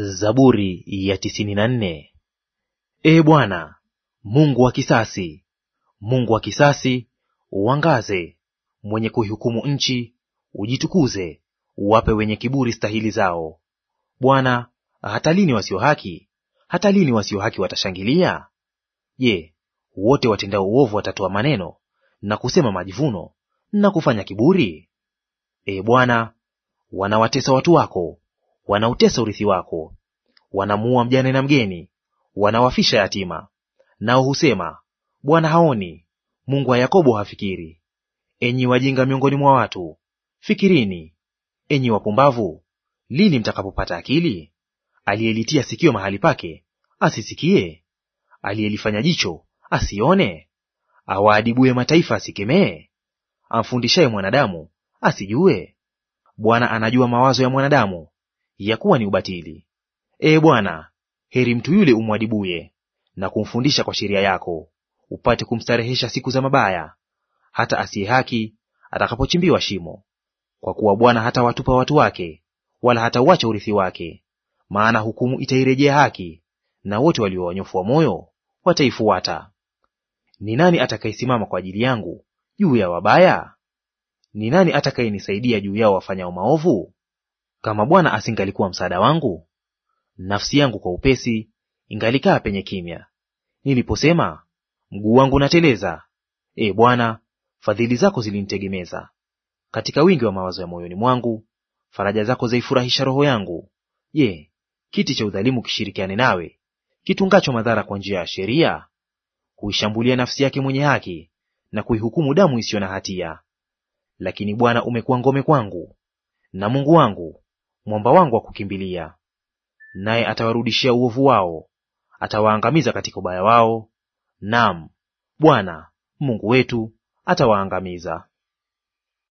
Zaburi ya tisini na nne. E Bwana Mungu wa kisasi, Mungu wa kisasi, uangaze; mwenye kuihukumu nchi, ujitukuze, uwape wenye kiburi stahili zao. Bwana, hata lini wasio haki? Hata lini wasio haki watashangilia? Je, wote watendao uovu watatoa maneno na kusema majivuno na kufanya kiburi? e Bwana, wanawatesa watu wako wanautesa urithi wako, wanamuua mjane na mgeni, wanawafisha yatima. Nao husema, Bwana haoni, Mungu wa Yakobo hafikiri. Enyi wajinga miongoni mwa watu, fikirini; enyi wapumbavu, lini mtakapopata akili? Aliyelitia sikio mahali pake asisikie? Aliyelifanya jicho asione? Awaadibue mataifa asikemee? Amfundishaye mwanadamu asijue? Bwana anajua mawazo ya mwanadamu, ya kuwa ni ubatili. Ee Bwana, heri mtu yule umwadibuye na kumfundisha kwa sheria yako, upate kumstarehesha siku za mabaya, hata asiye haki atakapochimbiwa shimo. Kwa kuwa Bwana hatawatupa watu wake, wala hatauacha urithi wake. Maana hukumu itairejea haki, na wote walio wanyofu wa moyo wataifuata. Ni nani atakayesimama kwa ajili yangu juu ya wabaya? Ni nani atakayenisaidia juu yao wafanyao maovu? Kama Bwana asingalikuwa msaada wangu, nafsi yangu kwa upesi ingalikaa penye kimya. Niliposema, mguu wangu nateleza, e Bwana, fadhili zako zilinitegemeza. Katika wingi wa mawazo ya moyoni mwangu, faraja zako zaifurahisha roho yangu. Je, kiti cha udhalimu kishirikiane nawe? Kitungacho madhara kwa njia ya sheria huishambulia nafsi yake mwenye haki na kuihukumu damu isiyo na hatia. Lakini Bwana umekuwa ngome kwangu na Mungu wangu, mwamba wangu wa kukimbilia. Naye atawarudishia uovu wao, atawaangamiza katika ubaya wao; naam, Bwana Mungu wetu atawaangamiza.